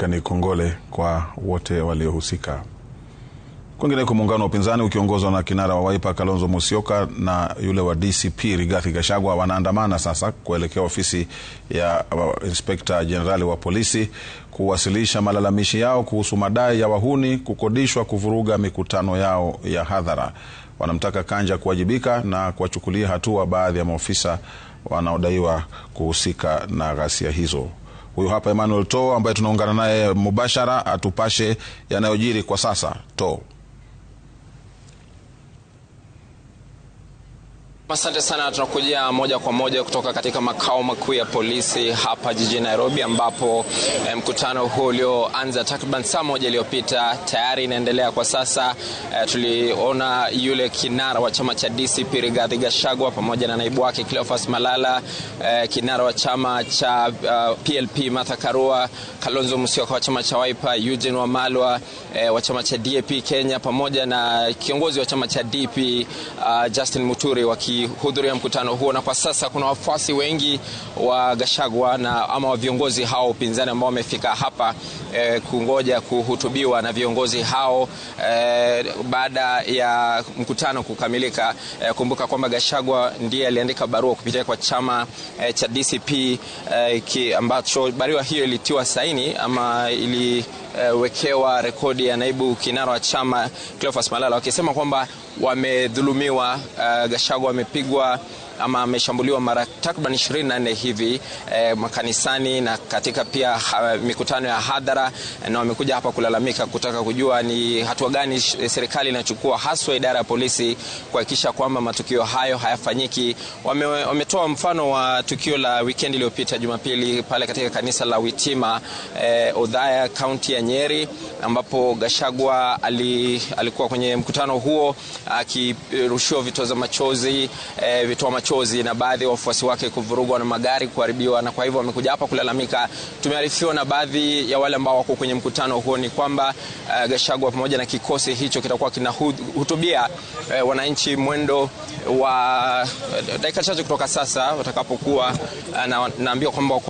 kutaka ni kongole kwa wote waliohusika. Kwingineko, muungano wa upinzani ukiongozwa na kinara wa Wiper Kalonzo Musyoka na yule wa DCP Rigathi Gachagua wanaandamana sasa kuelekea ofisi ya inspekta jenerali wa polisi kuwasilisha malalamishi yao kuhusu madai ya wahuni kukodishwa kuvuruga mikutano yao ya hadhara. Wanamtaka Kanja kuwajibika na kuwachukulia hatua baadhi ya maofisa wanaodaiwa kuhusika na ghasia hizo. Huyu hapa Emmanuel To ambaye tunaungana naye mubashara, atupashe yanayojiri kwa sasa. To Asante sana. Tunakuja moja kwa moja kutoka katika makao makuu ya polisi hapa jijini Nairobi, ambapo eh, mkutano huu ulioanza takriban saa moja iliyopita tayari inaendelea kwa sasa. E, tuliona yule kinara wa chama cha DCP Rigathi Gachagua pamoja na naibu wake Cleophas Malala, e, kinara wa chama cha uh, PLP Martha Karua, Kalonzo Musyoka wa chama cha Wiper, Eugene Wamalwa e, wa chama cha DAP Kenya pamoja na kiongozi wa chama cha DP uh, Justin Muturi waki walihudhuria mkutano huo, na kwa sasa kuna wafuasi wengi wa Gashagwa na ama wa viongozi hao upinzani ambao wamefika hapa e, kungoja kuhutubiwa na viongozi hao e, baada ya mkutano kukamilika. E, kumbuka kwamba Gashagwa ndiye aliandika barua kupitia kwa chama e, cha DCP e, ki, ambacho barua hiyo ilitiwa saini ama ili wekewa rekodi ya naibu kinara wa chama Cleophas Malala wakisema kwamba wamedhulumiwa. Uh, Gashagwa wame Capiguá ama ameshambuliwa mara takriban 24 hivi eh, makanisani na katika pia ha, mikutano ya hadhara na wamekuja hapa kulalamika kutaka kujua ni hatua gani eh, serikali inachukua haswa idara ya polisi kuhakikisha kwamba matukio hayo hayafanyiki. Wame, wametoa mfano wa tukio la weekend iliyopita Jumapili pale katika kanisa la Witima eh, Odhaya kaunti ya Nyeri ambapo Gashagwa ali, alikuwa kwenye mkutano huo akirushiwa eh, vitoza machozi eh, vitoa machozi machozi na baadhi ya wafuasi wake kuvurugwa na magari kuharibiwa, na kwa hivyo wamekuja hapa kulalamika. Tumearifiwa na baadhi ya wale ambao wako kwenye mkutano huo ni kwamba uh, Gachagua pamoja na kikosi hicho kitakuwa kinahutubia uh, wananchi mwendo wa uh, dakika chache kutoka sasa watakapokuwa uh, na, naambiwa kwamba